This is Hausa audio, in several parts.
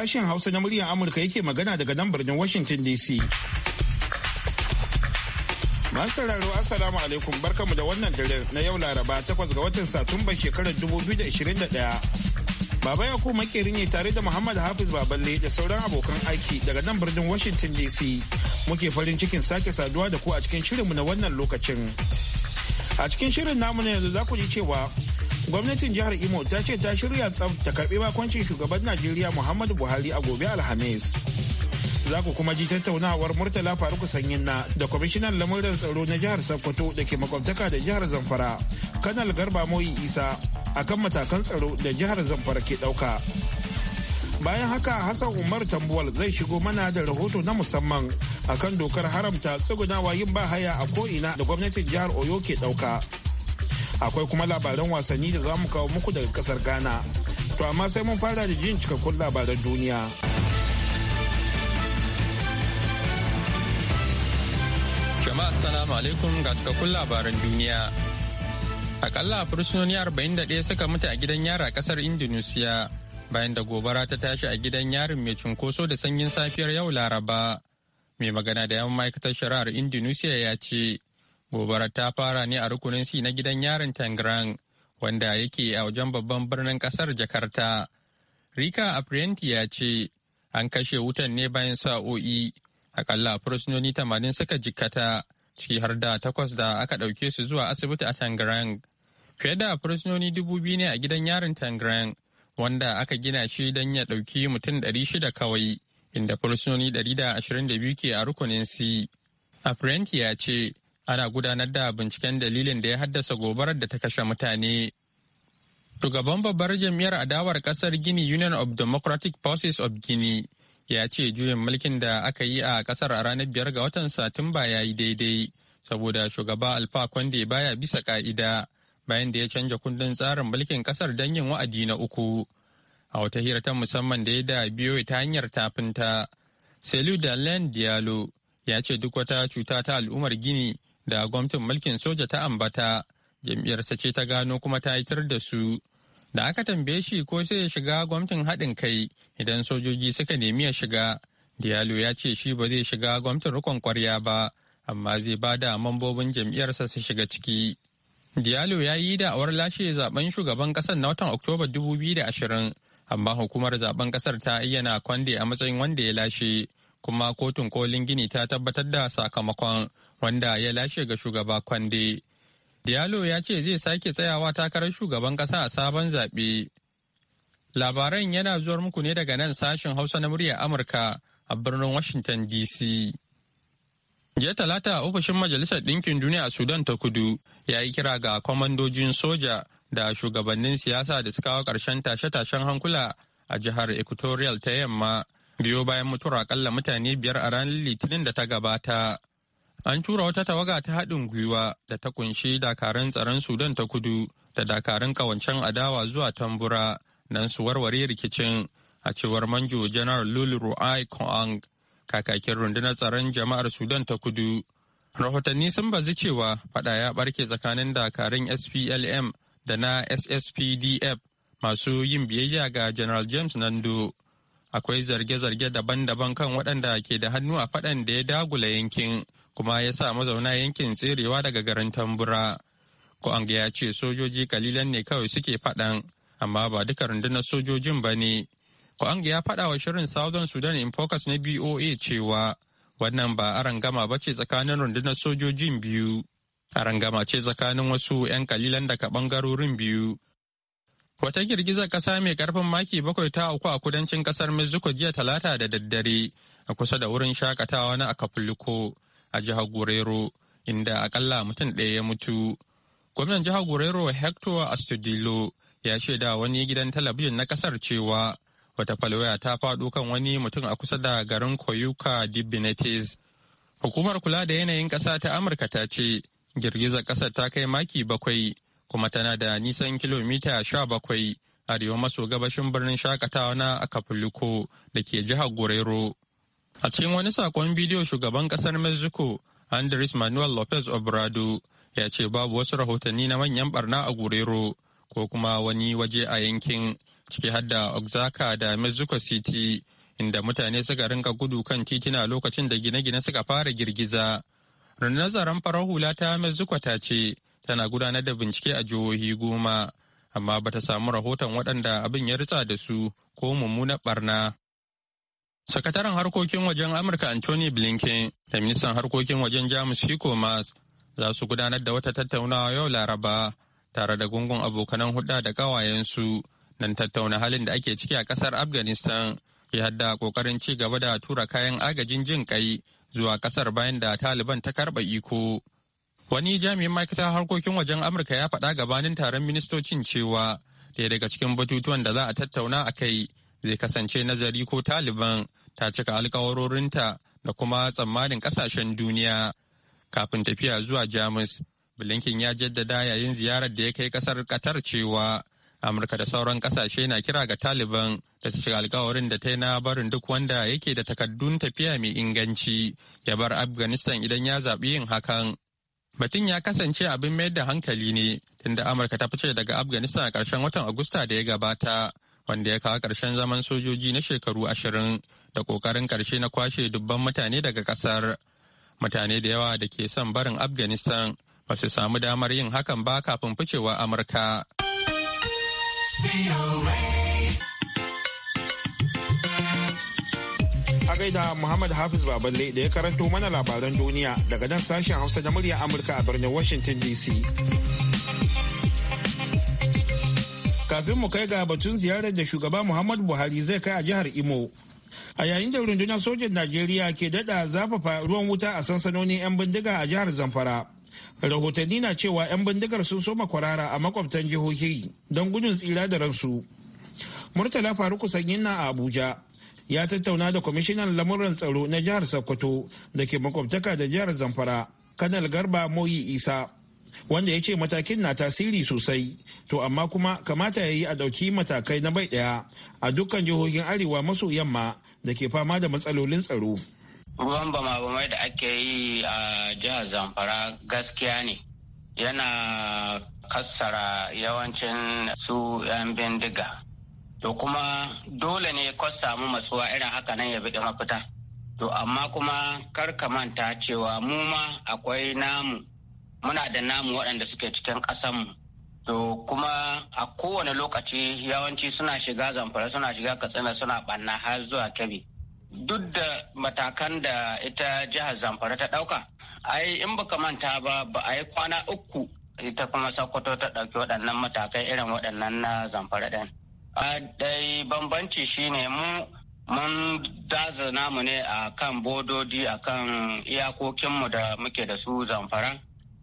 sashen Hausa na muryar Amurka yake magana daga nan birnin Washington DC. sauraro Assalamu alaikum barkamu da wannan dare na yau Laraba takwas ga watan Satumba shekarar da 2021. Baba ya kuma makeri ne tare da Muhammad Hafiz Baballe da sauran abokan aiki daga nan birnin Washington DC. Muke farin cikin sake saduwa da ku a cikin shirinmu na wannan lokacin. A cikin shirin namu na yanzu za ku ji cewa gwamnatin jihar imo ta ce ta shirya tsaf ta karbi bakoncin shugaban najeriya muhammadu buhari a gobe alhamis za ku kuma ji tattaunawar murtala faruk sanyin na da kwamishinan lamuran tsaro na jihar sokoto da ke makwabtaka da jihar zamfara kanal garba moyi isa akan matakan tsaro da jihar zamfara ke dauka bayan haka hassan umar tambuwal zai shigo mana da rahoto na musamman akan dokar haramta tsugunawa yin bahaya a ko'ina da gwamnatin jihar oyo ke dauka akwai kuma labaran wasanni da za mu kawo muku daga kasar ghana to amma sai mun fara da jin cikakkun labaran duniya jama'a salamu alaikum ga cikakkun labaran duniya akalla fursunoni 41 suka mutu a gidan yara a kasar indonesia bayan da gobara ta tashi a gidan yarin mai cunkoso da sanyin safiyar yau laraba mai magana da yawan ma'aikatar shari'ar indonesia ya ce Gobarar ta fara ne a rukunin si na gidan yarin Tangrang wanda yake a wajen babban birnin kasar Jakarta. Rika Aprienti ya ce an kashe wutan ne bayan sa'o'i akalla fursunoni tamanin suka jikkata ciki har da takwas da aka ɗauke su zuwa asibiti a Tangrang. Fiye da fursunoni dubu biyu ne a gidan yarin Tangrang wanda aka gina shi don ya ɗauki mutum ɗari shida kawai inda fursunoni ɗari da ashirin da biyu ke a rukunin si. Aprienti ya ce ana gudanar da binciken dalilin da ya haddasa gobarar da ta kashe mutane. Shugaban babbar jam'iyyar adawar kasar Gini Union of Democratic Forces of Guinea ya ce juyin mulkin da aka yi a kasar a ranar biyar ga watan Satumba ya yi daidai saboda shugaba Alfa Conde baya bisa ka'ida bayan da ya canja kundin tsarin mulkin kasar don yin wa'adi na uku. A wata hira ta musamman da ya da biyo ta hanyar tafinta. Selu Dalen Diallo ya ce duk wata cuta ta al'ummar Gini da gwamnatin mulkin soja ta ambata jam'iyyarsa ce ta gano kuma ta tar da su da aka tambaye shi ko sai ya shiga gwamnatin haɗin kai idan sojoji suka nemi ya shiga diyalo ya ce shi ba zai shiga gwamnatin rikon kwarya ba amma zai ba da mambobin jam'iyyarsa su shiga ciki diyalo ya yi da'awar lashe zaben shugaban ƙasar na watan oktoba 2020 amma hukumar zaben ƙasar ta ayyana kwande a matsayin wanda ya lashe kuma kotun kolin gini ta tabbatar da sakamakon wanda ya lashe ga shugaba Kwande. Diallo ya ce zai sake tsayawa takarar shugaban kasa a sabon zaɓe. Labaran yana zuwar muku ne daga nan sashen Hausa na muryar Amurka a birnin Washington DC. Jiya talata ofishin Majalisar Ɗinkin Duniya a Sudan ta kudu ya yi kira ga kwamandojin soja da shugabannin siyasa da suka kawo ƙarshen tashe-tashen hankula a jihar Equatorial ta yamma biyo bayan mutuwar akalla mutane biyar a ranar Litinin da ta gabata. An tura wata tawaga ta haɗin gwiwa da ta kunshi dakaran tsaron Sudan ta kudu da dakaran ƙawancen adawa zuwa tambura don su warware rikicin a cewar manjo janar Lul Ru'ai Koang kakakin rundunar tsaron jama'ar Sudan ta kudu. Rahotanni sun bazu cewa fada ya barke tsakanin dakarun SPLM da na SSPDF masu yin biyayya ga General James Nando. Akwai zarge-zarge daban-daban kan waɗanda ke da hannu a faɗan da ya dagula yankin kuma ya sa mazauna yankin tserewa daga garin tambura ko'ang ya ce sojoji kalilan ne kawai suke faɗan amma ba duka rundunar sojojin ba ne ko'ang ya faɗa wa shirin southern sudan in focus na boa cewa wannan ba arangama ba ce tsakanin rundunar sojojin biyu arangama ce tsakanin wasu 'yan kalilan daga bangarorin biyu Wata girgizar ƙasa mai karfin maki bakwai ta uku a kudancin ƙasar Mexico jiya talata da daddare a kusa da wurin shakatawa na Acapulco a jihar Gorero, inda akalla mutum ɗaya ya mutu. Gwamnan jihar Gorero Hector Astudillo ya shaida wani gidan talabijin na ƙasar cewa wata falwaya ta faɗo kan wani mutum a kusa da garin Koyuka Dibinetes. Hukumar kula da yanayin ƙasa ta Amurka ta ce girgizar ƙasar ta kai maki bakwai kuma tana da nisan kilomita sha bakwai arewa maso gabashin birnin shakatawa na Acapulco da ke jihar Gorero. A cikin wani sakon bidiyo shugaban kasar Mexico, Andres Manuel Lopez Obrado, ya ce babu wasu rahotanni na manyan barna a Gurero ko kuma wani waje a yankin ciki har da Oaxaca da Mexico City, inda mutane suka rinka gudu kan titina lokacin da gine-gine suka fara girgiza. Rundunar farar hula ta Mexico ta ce tana gudanar da bincike a jihohi goma, amma bata samu rahoton waɗanda abin ya ritsa da su ko mummunar barna. Sakataren harkokin wajen Amurka Anthony Blinken da ministan harkokin wajen Jamus Hiko Mas za su gudanar da wata tattaunawa yau Laraba tare da gungun abokanan hudda da kawayensu don tattauna halin da ake ciki a kasar Afghanistan ya hadda ƙoƙarin ci gaba da tura kayan agajin jin kai zuwa ƙasar bayan da Taliban ta karɓa iko. Wani jami'in ma'aikatar harkokin wajen Amurka ya faɗa gabanin taron ministocin cewa ɗaya daga cikin batutuwan da za a tattauna a kai zai kasance nazari ko Taliban ta cika alkawarorinta da kuma tsammanin kasashen duniya kafin tafiya zuwa jamus blinken ya jaddada yayin ziyarar da ya kai kasar qatar cewa amurka da sauran kasashe na kira ga taliban da ta cika alkawarin da ta yi na barin duk wanda yake da takaddun tafiya mai inganci ya bar afghanistan idan ya zaɓi yin hakan batun ya kasance abin mayar da hankali ne tunda amurka ta fice daga afghanistan a ƙarshen watan agusta da ya gabata wanda ya kawo ƙarshen zaman sojoji na shekaru ashirin da ƙoƙarin karshe na kwashe dubban mutane daga kasar Mutane da yawa da ke son barin Afghanistan ba su samu damar yin hakan ba kafin ficewa Amurka. A gaida Muhammad Hafiz Baballe da ya karanto mana labaran duniya daga nan sashen Hausa da murya Amurka a birnin Washington DC. Kafin mu kai ga batun ziyarar da shugaba Muhammad Buhari zai kai a jihar Imo. a yayin da rundunar sojan najeriya ke dada zafafa ruwan wuta a sansanonin 'yan bindiga a jihar zamfara rahotanni na cewa 'yan bindigar sun soma kwarara a makwabtan jihohi don gudun tsira da ransu murtala faruku sanyin na abuja ya tattauna da kwamishinan lamuran tsaro na jihar sokoto da ke makwabtaka da jihar zamfara kanal garba moyi isa wanda ya ce matakin na tasiri sosai to amma kuma kamata ya yi a ɗauki matakai na bai ɗaya a dukkan jihohin arewa maso yamma da ke fama da matsalolin tsaro. Ruwan bama-bamai da ake yi a jihar Zamfara gaskiya ne yana kassara yawancin su 'yan bindiga. To kuma dole ne kwas samu matsuwa irin haka nan ya bude mafita. To amma kuma kar ka manta cewa mu ma akwai namu muna da namu waɗanda suke cikin ƙasanmu to kuma a kowane lokaci yawanci suna shiga zamfara suna shiga katsina suna banna har zuwa kebbi duk da matakan da ita jihar zamfara ta dauka ai in baka manta ba ba a yi kwana uku ita kuma sokoto ta ɗauki waɗannan matakai irin waɗannan na zamfara ɗin a dai bambanci shine mu mun daza namu ne a kan bododi a kan iyakokinmu da muke da su zamfara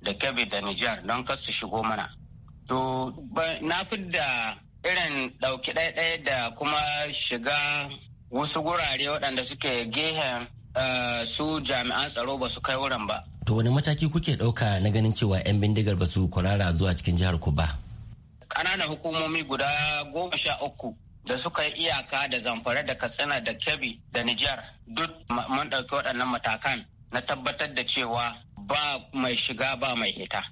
da kebbi da nijar don kar su shigo mana To na fidda irin ɗauki ɗaiɗai da kuma shiga wasu gurare waɗanda suke gehen eh, su jami'an tsaro ba su kai wurin ba. To wani mataki kuke ɗauka na ganin cewa 'yan bindigar ba su kwarara zuwa cikin jihar ku ba? Ƙananan hukumomi guda goma sha uku da suka yi iyaka da zamfara da katsina da kebbi da nijar duk mun ɗauki waɗannan matakan na tabbatar da cewa ba mai shiga ba mai hita.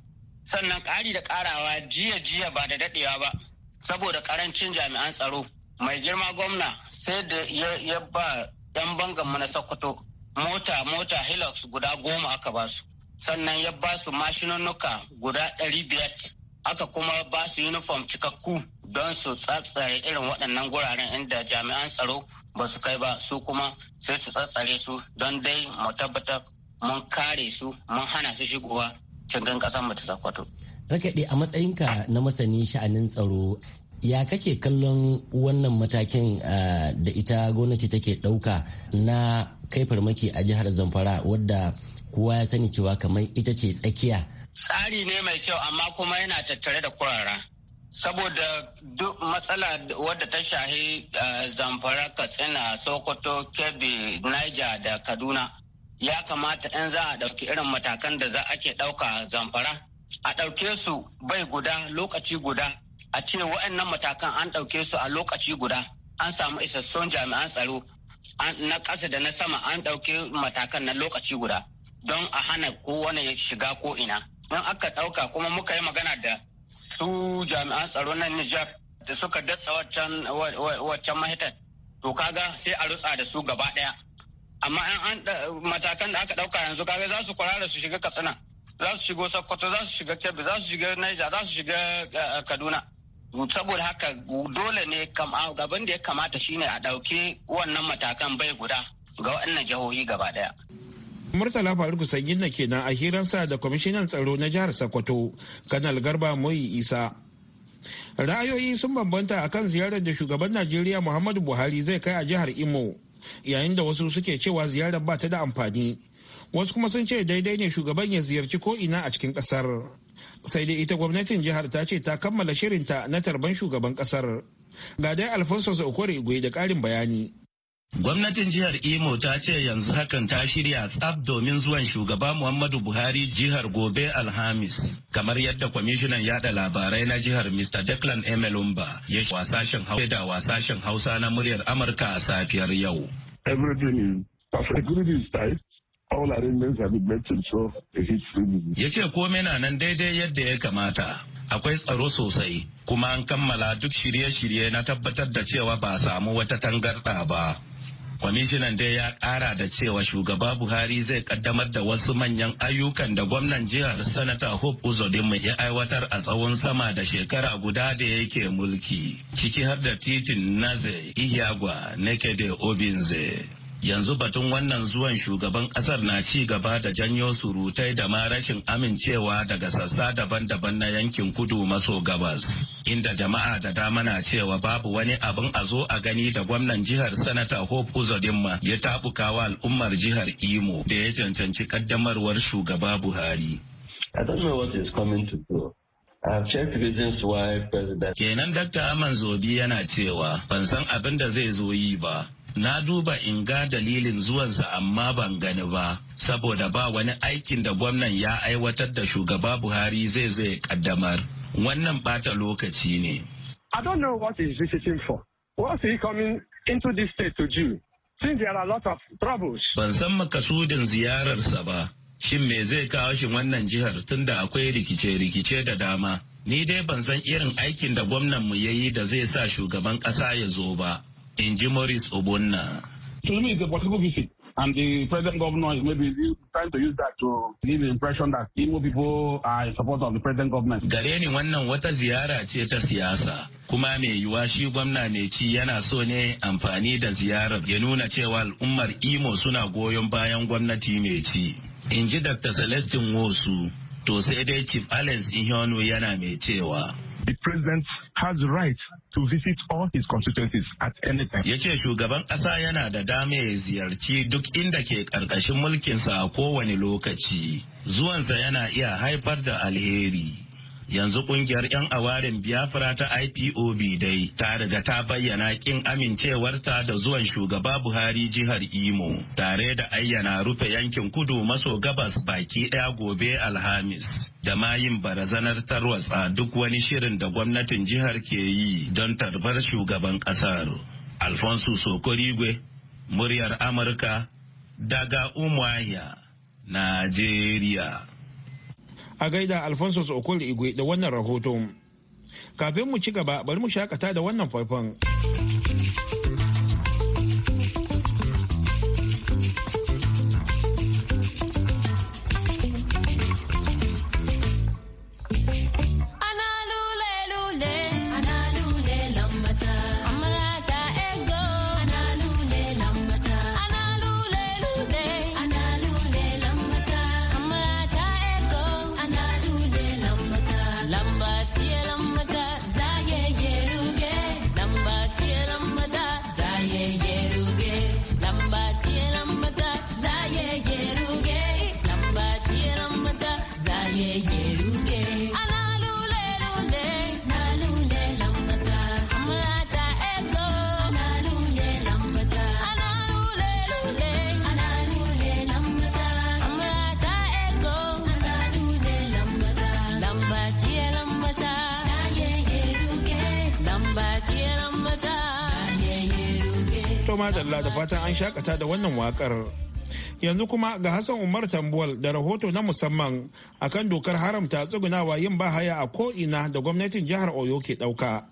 sannan ƙari da ƙarawa jiya jiya ba da daɗewa ba saboda karancin jami'an tsaro mai girma gwamna sai da ya ba 'yan bangan mu na sokoto mota mota hilux guda goma aka ba su sannan ya ba su mashinunnuka guda ɗari biyar aka kuma ba su uniform cikakku don su tsatsare irin waɗannan guraren inda jami'an tsaro ba su kai ba su kuma sai su tsatsare su don dai mu tabbatar mun kare su mun hana su shigowa cikin ƙasar mu ta Sokoto. Rakaɗe a matsayinka na masani sha'anin tsaro ya kake kallon wannan matakin eh, da ita gwamnati take ɗauka na kai farmaki a jihar Zamfara wadda kowa ya sani cewa kamar ita ce tsakiya. Tsari ne mai kyau amma kuma yana tattare da kurara. Saboda duk matsala wadda ta shahi eh, zamfara Katsina, Sokoto, Kebbi, Niger da Kaduna ya kamata in za a ɗauki irin matakan da za ake ɗauka zamfara a ɗauke su bai guda lokaci guda a ce waɗannan matakan an ɗauke su a lokaci guda an samu isassun jami'an tsaro na ƙasa da na sama an ɗauke matakan na lokaci guda don a hana kowane ya shiga ko ina don aka ɗauka kuma muka yi magana da su jami'an tsaro na Nijar da suka datsa waccan mahitar to kaga sai a rutsa da su gaba ɗaya amma an matakan da aka ɗauka yanzu kaga za su kwarara su shiga katsina za su shigo sokoto za su shiga kebbi za su shiga niger za su shiga eh, kaduna saboda haka dole ne gaban da ya kamata shine a dauke wannan matakan bai guda ga wannan jihohi gaba daya Murtala Faruku na kenan a hirar sa da kwamishinan tsaro na jihar Sokoto, Kanal Garba Moyi Isa. Ra'ayoyi sun bambanta akan ziyarar da shugaban Najeriya Muhammadu Buhari zai kai a jihar Imo, yayin da wasu suke cewa ziyarar ba ta da amfani wasu kuma sun ce daidai ne shugaban ya ziyarci ko ina a cikin kasar sai dai ita gwamnatin jihar ta ce ta kammala shirinta na tarban shugaban kasar ga dai alfonso okore igwe da ƙarin bayani Gwamnatin jihar Imo ta ce yanzu hakan ta shirya tsab domin zuwan shugaba Muhammadu Buhari jihar gobe Alhamis, kamar yadda kwamishinan yada labarai na jihar Mr. Declan Emelumba ya wasashen hausa da wasashen hausa na muryar Amurka a safiyar yau. Ya ce komai na nan daidai yadda ya kamata. Akwai tsaro sosai kuma an kammala duk shirye-shirye na tabbatar da cewa ba samu wata tangarɗa ba. Kwamishinan dai ya kara da cewa shugaba Buhari zai kaddamar da wasu manyan ayyukan da gwamnan jihar Sanata Hope Uzodinmu ya aiwatar a tsawon sama da shekara guda da yake mulki, ciki har da titin Naze Iyagwa Nekede Obinze. yanzu batun wannan zuwan shugaban ƙasar na ci gaba da janyo surutai da ma rashin amincewa daga sassa daban-daban na yankin kudu maso gabas inda jama'a da dama na cewa babu wani abin a zo a gani da gwamnan jihar sanata hope uzodinma ya tabukawa al'ummar jihar imo da ya cancanci kaddamarwar shugaba buhari Kenan Dakta Aman Zobi yana cewa ban san abin da zai zo yi ba, na duba in ga dalilin zuwansa amma ban gani ba saboda ba wani aikin da gwamnan ya aiwatar da shugaba buhari zai zai kaddamar wannan bata lokaci ne i don't know what he's visiting for what's he coming into this state to do since there are a lot of troubles ban san makasudin ziyararsa ba shin me zai kawo shi wannan jihar tunda akwai rikice-rikice da dama ni dai ban san irin aikin da gwamnan mu yayi da zai sa shugaban ƙasa ya zo ba in ji Maurice Obonna. To me, it's a political visit. And the present governor is maybe trying to use that to give the impression that Imo people are in support of the present government. Gare ni wannan wata ziyara ce ta siyasa. Kuma mai yiwuwa shi gwamna mai ci yana so ne amfani da ziyarar ya nuna cewa al'ummar Imo suna goyon bayan gwamnati mai ci. In ji Dr. Celestin Wosu, to sai dai Chief Alex Ihionu yana mai cewa. the president has right to visit all his constituencies at any time. Ya ce shugaban ƙasa yana da dama ya ziyarci duk inda ke ƙarƙashin mulkinsa a kowane lokaci. Zuwansa yana iya haifar da alheri. yanzu kungiyar 'yan awarin biafra ta ipob dai ta riga ta bayyana kin amincewarta da zuwan shugaba buhari jihar imo tare da ayyana rufe yankin kudu maso gabas baki daya gobe alhamis da mayin barazanar tarwatsa duk wani shirin da gwamnatin jihar ke yi don tarbar shugaban kasar alfonso sokorigwe muryar amurka daga umuahia najeriya a gaida alfonso okul igwe da wannan rahoton kafin mu ci gaba bari mu shakata da wannan faifan. madalla da fatan an shakata da wannan wakar. Yanzu kuma ga Hassan Umar Tambuwal da rahoto na musamman akan dokar haramta tsugunawa yin bahaya a ko'ina da gwamnatin jihar Oyo ke ɗauka.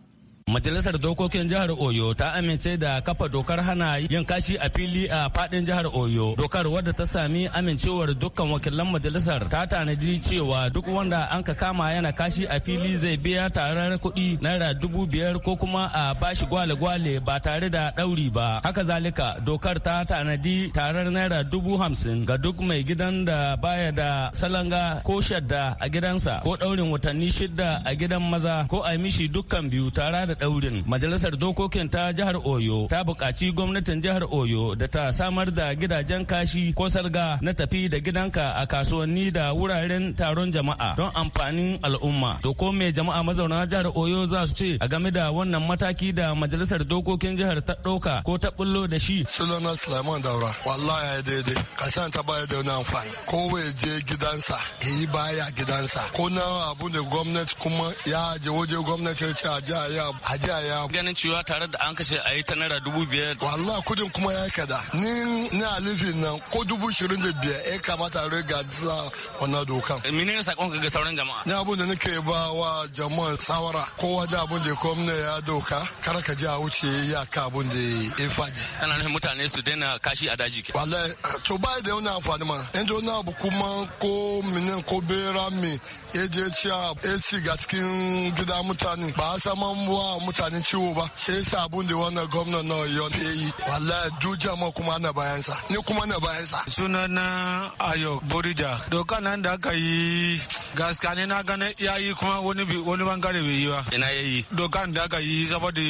Majalisar Dokokin Jihar Oyo ta amince da kafa dokar hana yin kashi a fili a fadin jihar Oyo. Dokar wadda ta sami amincewar dukkan wakilan majalisar ta tanadi cewa duk wanda an ka kama yana kashi a fili zai biya tarar kuɗi naira dubu biyar ko kuma a bashi gwale-gwale ba tare da ɗauri ba. Haka zalika dokar ta tanadi tarar naira dubu hamsin ga duk mai gidan da baya da salanga ko shadda a gidansa ko ɗaurin watanni shidda a gidan maza ko a mishi dukkan biyu tara da da daurin majalisar dokokin ta jihar oyo ta buƙaci gwamnatin jihar oyo da ta samar da gidajen kashi ko sarga na tafi da gidanka a kasuwanni da wuraren taron jama'a don amfanin al'umma to ko me jama'a mazauna jihar oyo za su ce a game da wannan mataki da majalisar dokokin jihar ta ɗauka ko ta bullo da shi sunana sulaiman daura wallahi ya daidai kasan ta baya da wani amfani ko je gidansa yi baya gidansa ko na abu da gwamnati kuma ya je waje gwamnati ya ce a je a yi hajiya ya ganin cewa tare da an kashe a yi ta naira dubu biyar wallah kudin kuma ya kada ni na alifin nan ko dubu shirin da biyar ya kamata a riga za wannan dokan ne sakon ka ga sauran jama'a ni abun da nake ba wa jama'a sawara kowa da abun da gwamna ya doka kar ka ji a wuce ya ka abun da ya faji ana nufin mutane su daina kashi a daji ke wallahi to ba da wani amfani mana inda wani abu kuma ko minin ko bera me ya je ciya ac ga cikin gida mutane ba a saman wa wa mutanen ciwo ba sai yasa abun da wannan gwamnan na yon ya yi wallahi duk ma kuma na bayansa ni kuma na bayansa sunana Ayo Borija doka nan da aka yi gaskiya ne na gane ya yi kuma wani wani bangare bai yi ba ina ya yi dokan da aka yi saboda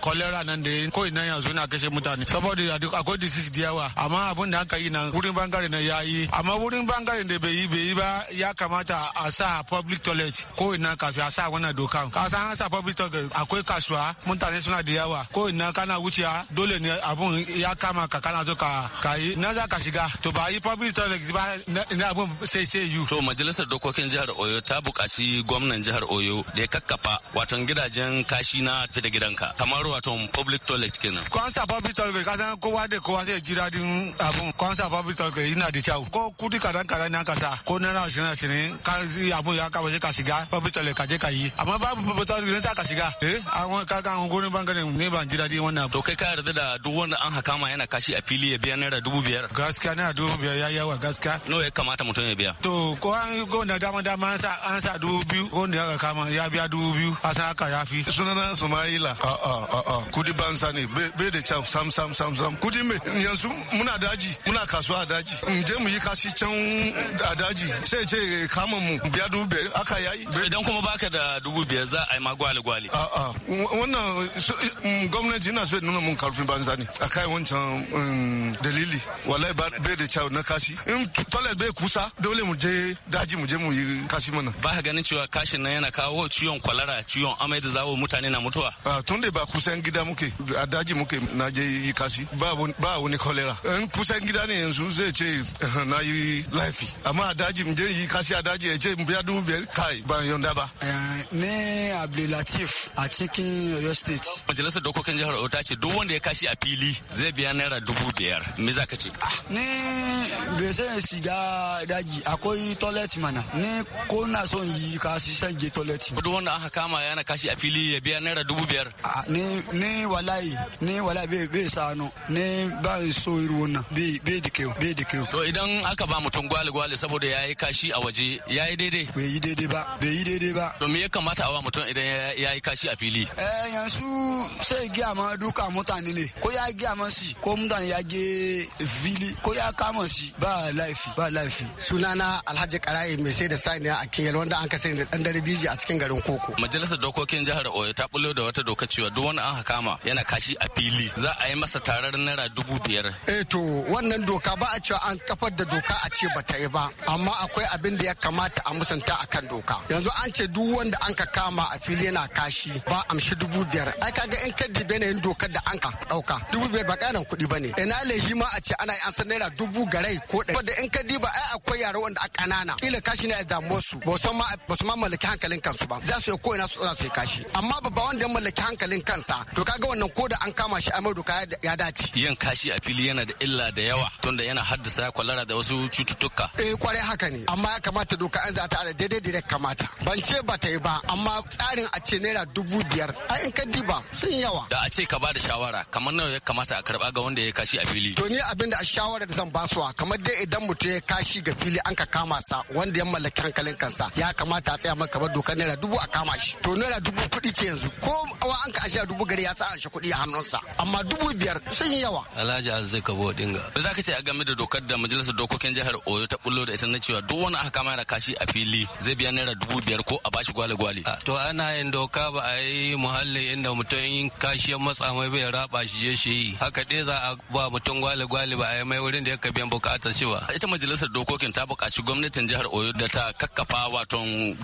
cholera nan da ko ina yanzu na kashe mutane saboda akwai disease da yawa amma abun da aka yi na. wurin bangare na ya yi amma wurin bangare da bai yi bai yi ba ya kamata a sa public toilet ko ina kafin a sa wannan doka ka san an sa public toilet akwai kasuwa ne suna da yawa ko ina kana wuciya dole ne abun ya kama ka kana zo ka kayi na za ka shiga to ba yi public toilet ba na abun sai sai yu. To majalisar dokokin jihar Oyo ta buƙaci gwamnan jihar Oyo da ya kakkafa watan gidajen kashi na fita gidanka kamar waton public toilet kenan. sa public toilet ka san kowa da kowa zai ji daɗin abun sa public toilet yana da kyau ko kudi kadan kadan na kasa ko n'a ashirin ashirin ka abun ya kama sai ka shiga public toilet ka je ka yi amma ba public toilet ne ka shiga eh kaga an gurin bangaren ne ban ji daɗi wannan to kai ka yarda da duk wanda an haka ma yana kashi a fili ya biya naira dubu biyar gaskiya naira dubu biyar ya yawa gaskiya no ya kamata mutum ya biya to ko an go na dama dama an sa an sa dubu biyu ko ne aka kama ya biya dubu biyu a san haka ya fi sunana sumaila a a a a kudi ban sa ne bai da can sam sam sam sam kudi me yanzu muna daji muna kasuwa daji in je mu yi kashi can a daji sai ce kama mu biya dubu biyar aka yayi idan kuma baka da dubu biyar za a yi ma gwale gwale a a wannan eh, mm, gwamnati yana so ya nuna mun karfin banza ne a kai wancan mm, dalili wallahi bai da kyau na kashi in toilet bai kusa dole mu je daji mu je mu yi kashi mana ba ka ganin cewa kashin nan yana kawo ciwon kwalara ciwon amai da zawo mutane na mutuwa tun da ba kusan gida muke a daji muke na je yi kashi ba wani kwalara in kusan gida ne yanzu zai ce eh, na yi laifi amma a daji mu je yi kashi a daji ya ce mu biya dubu biyar kai ban yonda ba eh, ne abdulatif a cikin cikin Yoyo State. Majalisar dokokin jihar Oyo ta ce duk wanda ya kashi a fili zai biya naira dubu biyar. Me za ka ce? Ah, ni bai san ya shiga daji akwai toilet mana. Ni ko na son yi kashi san je toilet. Duk wanda aka kama yana kashi a fili ya biya naira dubu biyar. Ah, ni ni wallahi ni wallahi bai sa hannu. Ni ba so irin wannan bai da kyau bai da kyau. To idan aka ba mutum gwali-gwali saboda ya yi kashi a waje ya yi daidai. Bai yi daidai ba bai yi daidai ba. To me ya kamata a ba mutum idan ya yi kashi a fili? dalili ẹ̀yàn su ṣe du àmọ́ dúkà mọ́tàní ko y'a yá a si ko mutane ya je fili ko ya kama si, ba laifi ba laifi sunana alhaji Karayi, Mese, sai da saniya a kiyar wanda an da dare dj a cikin garin koko majalisar dokokin jihar oyo ta bullo da wata doka cewa duk wani an kama yana kashi a fili za a yi masa tarar naira dubu biyar eh to wannan doka ba a cewa an kafar da doka a ce ba ta yi ba amma akwai abin da ya kamata a musanta akan doka yanzu an ce duk wanda an ka kama a fili yana kashi ba amshi dubu biyar ai kaga in ka dibe ne dokar da an ka dauka dubu biyar ba karin kuɗi bane ina lehi ma a ce ana an san naira dubu garai ko ɗari wanda in kaddi ba ai akwai yara wanda a ƙanana kila kashi ne a damuwar su ba su ma ba su ma mallaki hankalin kansu ba za su yi ko ina su za su yi kashi amma babba wanda ya mallaki hankalin kansa to kaga wannan ko da an kama shi a mai doka ya dace yin kashi a fili yana da illa da yawa tunda yana haddasa kwalara da wasu cututtuka eh kwarai haka ne amma ya kamata doka an za ta daidai da kamata ban ce ba ta yi ba amma tsarin a ce naira dubu biyar a in ka diba sun yawa da a ce ka ba da shawara kamar nawa ya kamata a karba ga wanda ya kashi a fili to ni abin da a shawara da zan basuwa kamar dai idan mutum ya kashi ga fili an ka kama sa wanda ya mallaki hankalin kansa ya kamata a tsaya maka kamar doka naira dubu a kama shi to naira dubu kuɗi ce yanzu ko awa an ka ashe dubu gari ya sa a shi kuɗi a hannunsa amma dubu biyar sun yawa alhaji zai kabo dinga ba za ka ce a game da dokar da majalisar dokokin jihar oyo ta bullo da ita na cewa duk wani aka kama yana kashi a fili zai biya naira dubu biyar ko a bashi gwale-gwale to ana yin doka ba a yi yi muhalli inda mutum in kashi ya matsa mai bai raba shi je shi yi haka dai za a ba mutum gwale gwale ba a yi mai wurin da ya ka biyan bukatar shi ba ita majalisar dokokin ta buƙaci gwamnatin jihar Oyo da ta kakkafa wato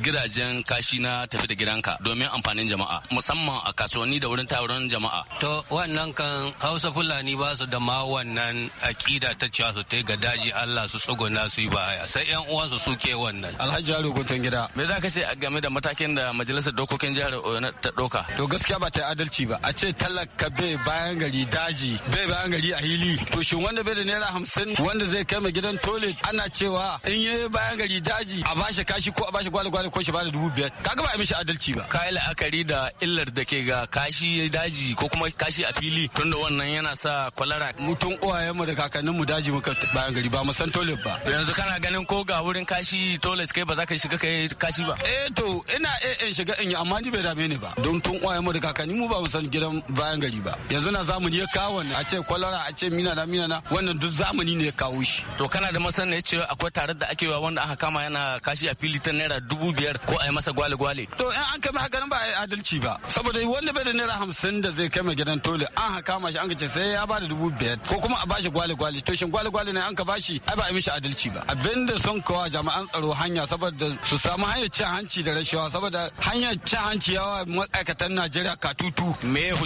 gidajen kashi na tafi da gidanka domin amfanin jama'a musamman a kasuwanni da wurin taron jama'a to wannan kan Hausa Fulani ba su da ma wannan akida ta cewa su ta ga daji Allah su tsuguna su yi baya sai yan uwansu su ke wannan Alhaji Yaro Guntun gida me za ka ce game da matakin da majalisar dokokin jihar Oyo ta ɗauka. To gaskiya ba ta adalci ba a ce talaka bai bayan gari daji bai bayan gari a hili to shin wanda bai da naira hamsin wanda zai kai ma gidan toilet ana cewa in ya bayan gari daji a bashi kashi ko a bashi gwale gwale ko shi bada dubu biyar kaga ba a mishi adalci ba. Kayi la'akari da illar da ke ga kashi daji ko kuma kashi a fili tunda wannan yana sa kwalara. Mutum uwayenmu da kakanninmu daji muka bayan gari ba mu san toilet ba. Yanzu kana ganin ko ga wurin kashi toilet kai ba za ka shiga kai kashi ba. Eh to ina eh in shiga in yi amma ni bai dame ni ba don tun uwaye mu da kakanni mu ba mu san gidan bayan gari ba yanzu na zamani ya kawo ne a ce kwalara a ce mina na mina na wannan duk zamani ne ya kawo shi to kana da masana ya ce akwai tare da ake wa wanda aka kama yana kashi a fili ta naira dubu biyar ko a yi masa gwale gwale to in an kai haka ba a yi adalci ba saboda wanda bai da naira hamsin da zai kai gidan tole an ha kama shi an ce sai ya ba da dubu biyar ko kuma a bashi gwale gwale to shin gwale gwale ne an ka bashi ai ba a yi mishi adalci ba abinda son kawa jami'an tsaro hanya saboda su samu hanyar cin hanci da rashawa saboda hanyar cin hanci yawa ma'aikatan Najeriya ka tutu me ya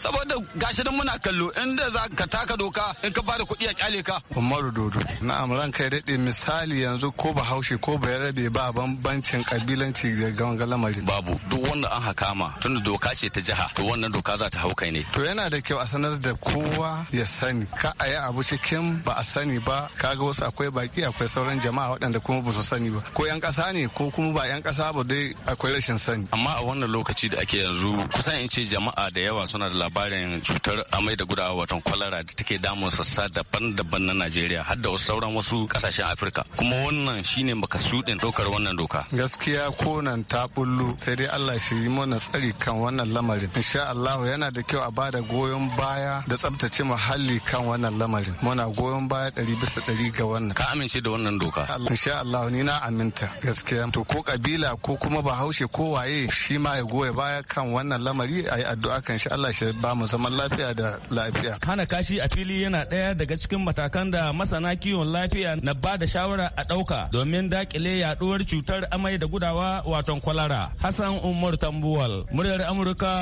saboda gashi nan muna kallo inda za ka taka doka in ka bada kuɗi a kyale ka Umaru Dodo na'am ranka ya daɗe misali yanzu ko Bahaushe ko rabe ba bambancin kabilanci da gangan lamarin babu duk wanda an hakama tunda doka ce ta jiha to wannan doka za ta hau kai ne to yana da kyau a sanar da kowa ya sani ka a yi abu cikin ba a sani ba kaga wasu akwai baki akwai sauran jama'a waɗanda kuma ba su sani ba ko yan ƙasa ne ko kuma ba yan ƙasa ba dai akwai rashin sani amma a wannan lokaci da ake yanzu kusan in ce jama'a da yawa suna da labarin cutar amai da gudawa watan kwalara da take damun sassa daban-daban na Najeriya har da wasu sauran wasu kasashen Afirka. Kuma wannan shine makasudin ɗaukar wannan doka. Gaskiya nan ta bullo sai dai Allah shi yi mana tsari kan wannan lamarin. Insha Allah yana da kyau a bada goyon baya da tsabtace muhalli kan wannan lamarin. Muna goyon baya ɗari bisa ɗari ga wannan. Ka amince da wannan doka? Insha Allah ni na aminta gaskiya. To ko kabila ko kuma bahaushe ko waye shi ma ya goya baya kan kan wannan lamari a yi addu'a kan shi Allah shi ba mu zaman lafiya da lafiya. Hana kashi a fili yana ɗaya daga cikin matakan da masana kiwon lafiya na ba da shawara a ɗauka domin dakile yaɗuwar cutar amai da gudawa waton kwalara. Hassan Umar Tambuwal, muryar Amurka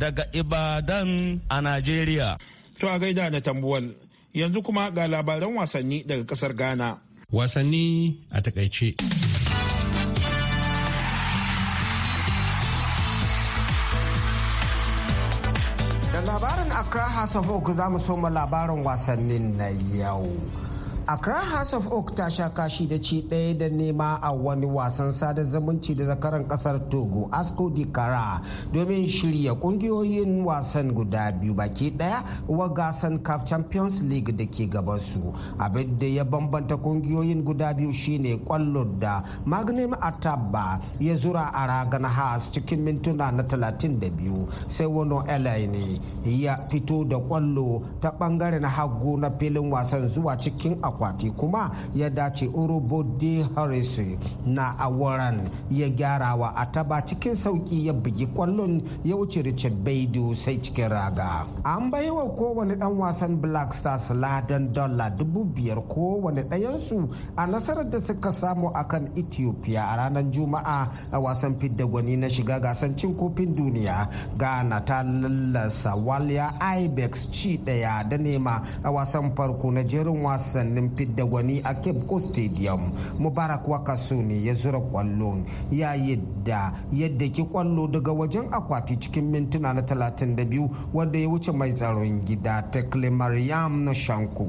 daga Ibadan a Najeriya. To a gaida da Tambuwal, yanzu kuma ga labaran wasanni daga ƙasar Ghana. Wasanni a takaice. Accra House of Oak za mu soma labarin wasannin na yau. Accra House of Oak ta sha kashi da ci ɗaya da nema a wani wasan sada zumunci da zakaran kasar Togo Asko Dikara domin shirya ƙungiyoyin wasan guda biyu baki ɗaya wa gasan CAF Champions League da ke gabansu. Abin da ya bambanta ƙungiyoyin guda biyu shine kwallo da Magnum Ataba ya zura a ragan has cikin mintuna na 32 sai wani Elaine ya fito da kwallo ta bangaren hagu na filin wasan zuwa cikin akwati kuma ya dace urobode harrison na awaran ya gyarawa a taba cikin sauki ya bugi kwallon ya wuce richard baidu sai cikin raga an baiwa kowane dan wasan black stars ladan dala dubu biyar kowane ɗayansu a nasarar da suka samu akan ethiopia a ranar juma'a a wasan fidda gwani na shiga gasar cin kofin duniya ghana ta lallasa waliya ibex ci ɗaya da nema a wasan farko na jerin wasannin fidda gwani a cape coast stadium mubarak wakaso ne ya zura kwallon ya yadda yadda ki kwallo daga wajen akwati cikin mintuna na 32 wanda ya wuce mai tsaron gida ta mariam na shanko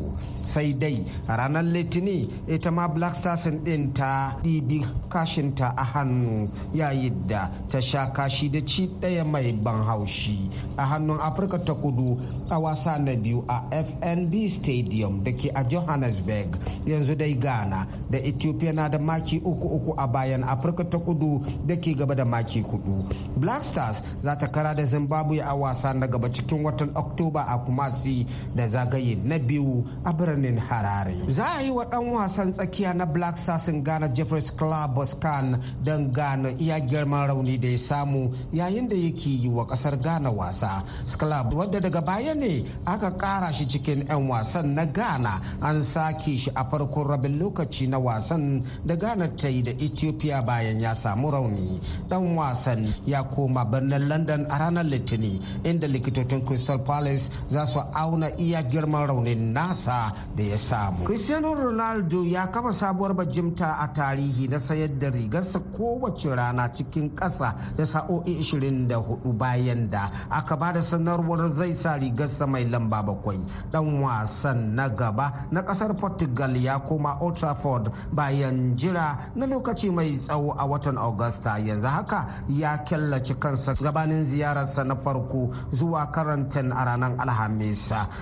sai dai ranar litini ita ma black stars din ta ɗibi kashinta a hannu ya da ta sha kashi da ci ɗaya mai ban haushi a hannun afirka ta kudu a wasa na biyu a fnb stadium da ke a johannesburg Winnipeg yanzu dai Ghana da Ethiopia na da maki uku uku a bayan Afirka ta kudu da ke gaba da maki kudu. Black Stars za ta kara da Zimbabwe a wasa na gaba cikin watan Oktoba a Kumasi da zagaye na biyu a birnin Harare. Za a yi wa ɗan wasan tsakiya na Black Stars Ghana Jeffries Club Scan don Ghana iya girman rauni da ya samu yayin da yake yi wa ƙasar Ghana wasa. Club wadda daga baya ne aka ƙara shi cikin 'yan wasan na Ghana an sake take shi a farkon rabin lokaci na wasan da Gana ta yi da ethiopia bayan ya samu rauni dan wasan ya koma birnin london a ranar litinin inda likitocin crystal palace za su auna iya girman raunin nasa da ya samu cristiano ronaldo ya kafa sabuwar bajimta a tarihi na sayar da rigarsa kowace rana cikin ƙasa da sa'o'i 24 bayan da aka ba da sanarwar zai sa rigarsa mai lamba bakwai dan wasan na gaba na ƙasar portugal ya koma old trafford bayan jira na lokaci mai tsawo a watan augusta yanzu haka ya kyallaci kansa gabanin ziyararsa na farko zuwa karantin a ranar alhamis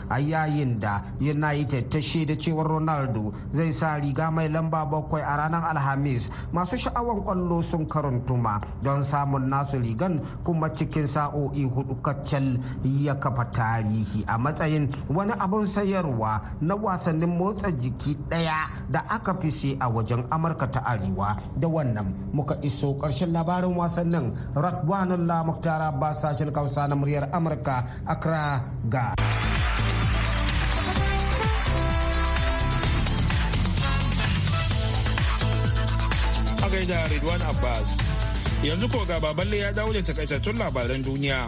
a yayin da united ta shaida cewar ronaldo zai sa riga mai lamba bakwai a ranar alhamis masu sha'awan kwallo sun karantuma don samun nasu rigan kuma cikin sa'o'i hudu kacal ya kafa tarihi a matsayin wani abun sayarwa na wasannin motsa hada jiki ɗaya da aka fi sai a wajen amurka ta arewa da wannan muka iso karshen labarin wasannin radwanullah muktar abbas sashen kausa na muryar amurka accra ga gaida ridwan abbas yanzu koga ga baballe ya dawo da takaitattun labaran duniya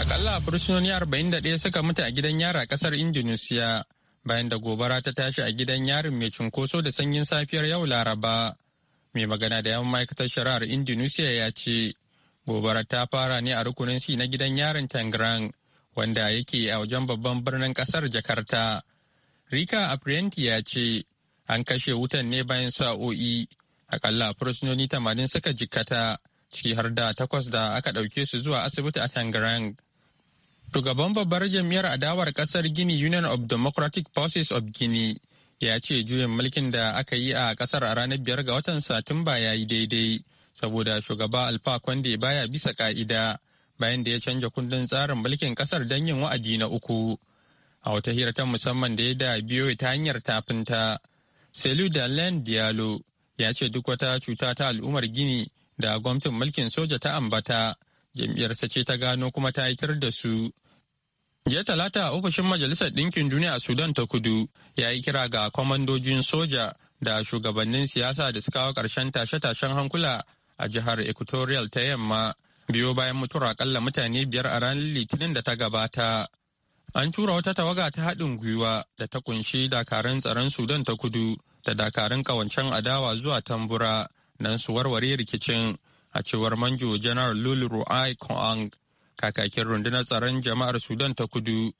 Akalla fursunoni 41 suka mutu a gidan yara kasar Indonesia bayan da gobara ta tashi a gidan yarin mai cunkoso da sanyin safiyar yau Laraba. Mai magana da yawan ma'aikatar shari'ar Indonesia ya ce, gobara ta fara ne a rukunin si na gidan yarin Tangrang wanda yake a wajen babban birnin kasar Jakarta. Rika Aprienti ya ce, an kashe wutan ne bayan sa'o'i, akalla fursunoni 80 suka jikkata, ciki har da takwas da aka ɗauke su zuwa asibiti a Tangrang. Shugaban babbar jam'iyyar adawar kasar Gini Union of Democratic Forces of Guinea ya ce juyin mulkin da aka yi a kasar a ranar biyar ga watan Satumba ya yi daidai saboda shugaba Alpha Conde baya bisa ka'ida bayan da ya canja kundin tsarin mulkin kasar don yin wa'adi na uku. A wata hira ta musamman da ya da biyo ta hanyar tafinta. Selu da Len Diallo ya ce duk wata cuta ta al'ummar Gini da gwamnatin mulkin soja ta ambata jam'iyyarsa ce ta gano kuma ta haitar da su. Jiya talata a ofishin Majalisar Ɗinkin Duniya a Sudan ta kudu ya yi kira ga kwamandojin soja da shugabannin siyasa da suka kawo ƙarshen tashe-tashen hankula a jihar Equatorial ta yamma biyo bayan mutuwar akalla mutane biyar a ranar Litinin da ta gabata. An tura wata tawaga ta haɗin gwiwa da ta kunshi dakarun tsaron Sudan ta kudu da dakarun ƙawancen adawa zuwa tambura don su warware rikicin a cewar manjo janar Lulu Ru'ai Koang kakakin rundunar tsaron jama'ar Sudan ta kudu.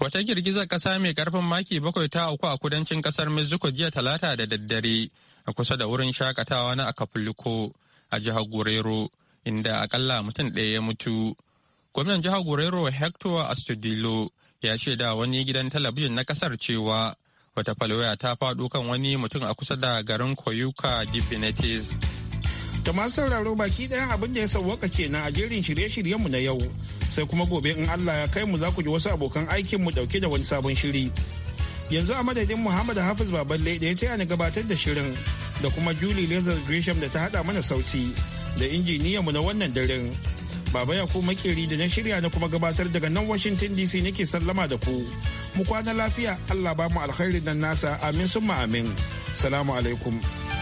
Wata girgizar ƙasa mai ƙarfin maki bakwai ta auku a kudancin ƙasar Mexico jiya talata da daddare a kusa da wurin shakatawa na Acapulco a jihar Guerrero inda akalla mutum ɗaya ya mutu. Gwamnan jihar Guerrero Hector Astudillo ya da wani gidan talabijin na ƙasar cewa wata falwaya ta faɗo kan wani mutum a kusa da garin Coyuca de ta masu sauraro baki ɗaya abin da ya sauwaka ke a jerin shirye-shiryenmu na yau sai kuma gobe in Allah ya kai mu za ku ji wasu abokan mu ɗauke da wani sabon shiri. Yanzu a madadin Muhammad Hafiz Baballe da ya taya ni gabatar da shirin da kuma Julie Lazar Gresham da ta haɗa mana sauti da mu na wannan daren. Baba ya makeri da na shirya na kuma gabatar daga nan Washington DC nake sallama da ku. Mu kwana lafiya Allah ba mu alkhairi nan nasa amin summa amin. Salamu alaikum.